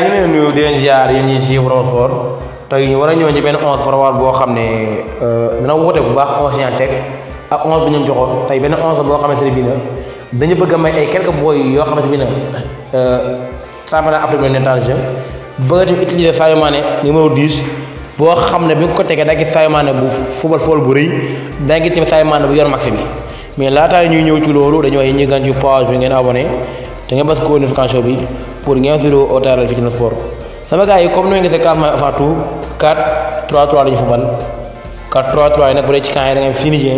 yaa ngi leen nuyu di leen ziar yéen ñi suivre World Sport ñu war a ñëw ci benn onze probable boo xam ne euh, dana woote bu baax onze yi teg ak onze bi ñu joxoon tey benn onze boo xamante ne bii na dañu bëgg may ay quelques boy yoo xamante ne bii na euh, championnat Afrique bi nekk jeu bëgg tamit utiliser Sadio Mané boo xam ne bi nga ko tegee da nga gis Sadio bu football fool bu rëy da nga gis tamit Sadio bu yor max bi mais laataa ñuy ñëw ci loolu dañu wax yéen ñi gan ci page bi ngeen abonné tenga bas ko notification bi pour ngeen vidéo o taral fi ci Sen Sports sama gaay yi comme ni ma gisee ka Fatou 4 3 3 la ñu ban 4 3 3 nak bu dee ci kan yi da ngay fini je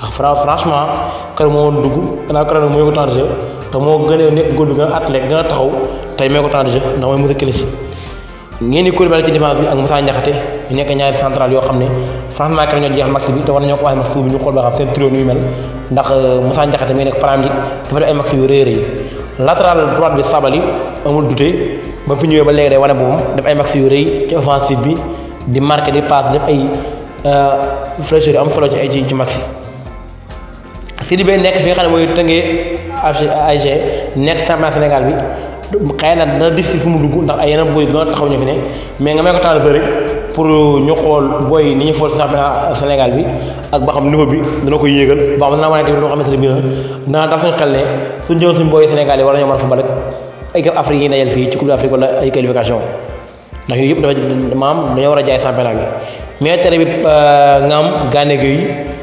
ndax franchement kër moo dugg gannaaw kër nag mooy ko temps de te mo gëne nek nekk nga atlet nga taxaw tay mee ko temps de jeu ndax mooy Moussa Kilissi ngeen di Koulibaly ci défense bi ak Moussa Niakhaté ñu nekk ñaari central yoo xam ne franchement keroog ñoo jeexal max bi te max bi ndax euh, Moussa Niakhaté mi nekk Premier League dafa def ay max yu rëy rëy latéral Sabali amul dute ba fi ñëwee ba léegi day wane boppam def ay max yu rëy ci offensive bi di marqué di passe ay euh, fraîcheur am solo ay ci ci max yi nekk fi nga xam ne mooy tëngee AG nekk champion Sénégal bi. xëy na dana dif si fu mu dugg ndax ay yeneen boy gën a taxaw ñu fi ne mais nga may ko temps de rek pour ñu xool booy ni ñu xool si championnat Sénégal bi ak ba xam niveau bi dana koy yéegal ba xam danaa wane tamit loo xam ne bii dana tax xel ne suñu jëloon suñu booy Sénégal yi war nañoo mën a football rek ay équipe Afrique yi dajal fii ci Coupe d'Afrique wala ay qualification ndax yooyu yëpp dafa maam dañoo war a jaay championnat bi mais tere bi euh, nga am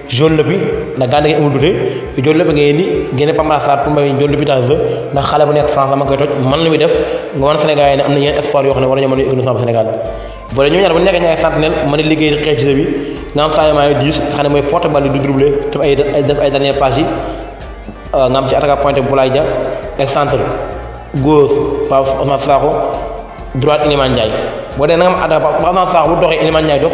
jolle bi na gande amul dute jolle bi ngay ni gene pamara sar pour may jolle bi tas na xalé bu nek france ma koy toj man lu muy def nga won sénégal ni amna na espoir yo xamne wara ñu mëna équipe nationale sénégal bu ñu ñaar bu nek ñay nel mëna liggéey xéc bi nga am saay maay 10 xamne moy porte balle du dribbler def ay def ay dernier passe yi euh, nga am ci attaque pointe lay dia ak centre gauche pa Ousmane Sakho droite man Ndiaye bo dé nga am ada pa Ousmane Sakho bu doxé man Ndiaye dox